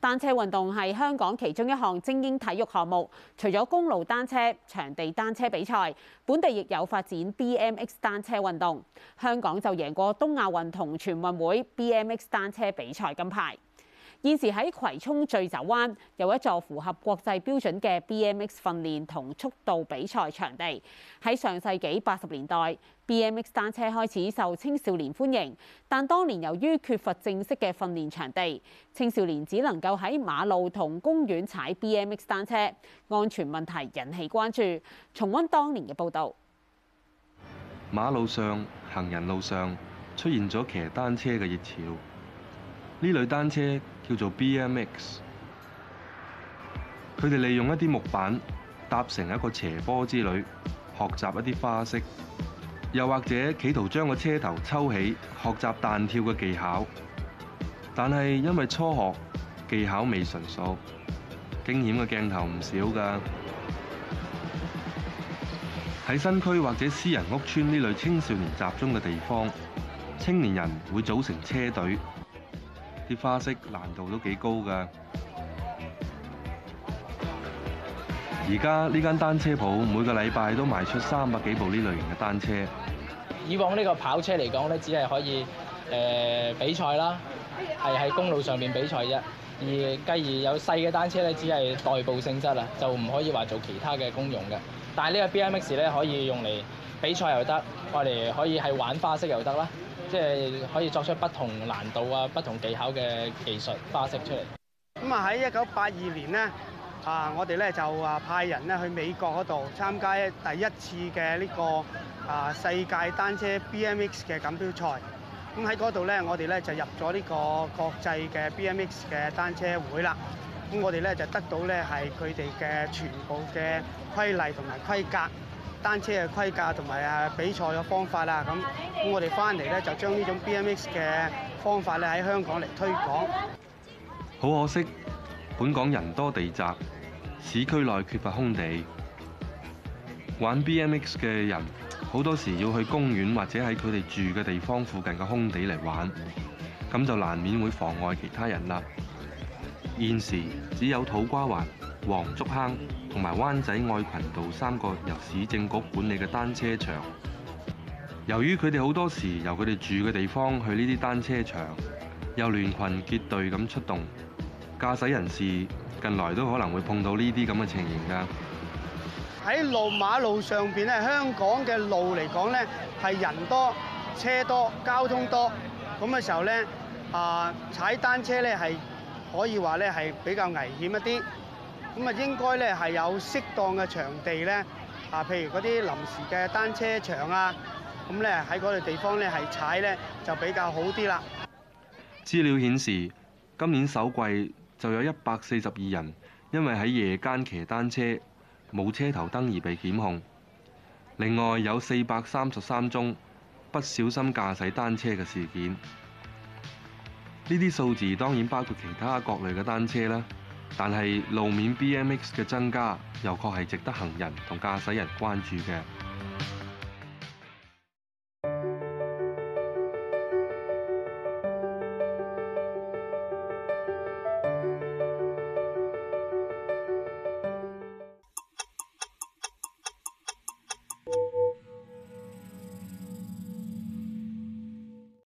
單車運動係香港其中一項精英體育項目，除咗公路單車、場地單車比賽，本地亦有發展 BMX 單車運動。香港就贏過東亞運同全運會 BMX 單車比賽金牌。現時喺葵涌醉酒灣有一座符合國際標準嘅 BMX 訓練同速度比賽場地。喺上世紀八十年代，BMX 單車開始受青少年歡迎，但當年由於缺乏正式嘅訓練場地，青少年只能夠喺馬路同公園踩 BMX 單車，安全問題引起關注。重溫當年嘅報導。馬路上、行人路上出現咗騎單車嘅熱潮。呢類單車叫做 BMX，佢哋利用一啲木板搭成一個斜坡之旅，學習一啲花式，又或者企圖將個車頭抽起，學習彈跳嘅技巧。但係因為初學技巧未純熟，驚險嘅鏡頭唔少㗎。喺新區或者私人屋邨呢類青少年集中嘅地方，青年人會組成車隊。啲花式難度都幾高噶，而家呢間單車鋪每個禮拜都賣出三百幾部呢類型嘅單車。以往呢個跑車嚟講咧，只係可以誒、呃、比賽啦，係喺公路上面比賽啫。而繼而有細嘅單車咧，只係代步性質啊，就唔可以話做其他嘅功用嘅。但係呢個 BMX 咧，可以用嚟比賽又得，我哋可以係玩花式又得啦。即係可以作出不同難度啊、不同技巧嘅技術花式出嚟。咁啊喺一九八二年咧，啊我哋咧就啊派人咧去美國嗰度參加第一次嘅呢個啊世界單車 BMX 嘅錦標賽。咁喺嗰度咧，我哋咧就入咗呢個國際嘅 BMX 嘅單車會啦。咁我哋咧就得到咧係佢哋嘅全部嘅規例同埋規格。單車嘅規格同埋啊比賽嘅方法啦，咁咁我哋翻嚟咧就將呢種 B M X 嘅方法咧喺香港嚟推廣。好可惜，本港人多地窄，市區內缺乏空地。玩 B M X 嘅人好多時候要去公園或者喺佢哋住嘅地方附近嘅空地嚟玩，咁就難免會妨礙其他人啦。現時只有土瓜灣、黃竹坑同埋灣仔愛群道三個由市政局管理嘅單車場，由於佢哋好多時由佢哋住嘅地方去呢啲單車場，又聯群結隊咁出動，駕駛人士近來都可能會碰到呢啲咁嘅情形㗎。喺路馬路上邊咧，香港嘅路嚟講咧，係人多、車多、交通多，咁嘅時候咧啊，踩單車咧係可以話咧係比較危險一啲。咁啊，應該咧係有適當嘅場地咧，啊，譬如嗰啲臨時嘅單車場啊，咁咧喺嗰度地方咧係踩咧就比較好啲啦。資料顯示，今年首季就有一百四十二人因為喺夜間騎單車冇車頭燈而被檢控，另外有四百三十三宗不小心駕駛單車嘅事件。呢啲數字當然包括其他各類嘅單車啦。但係路面 BMX 嘅增加，又確係值得行人同駕駛人關注嘅。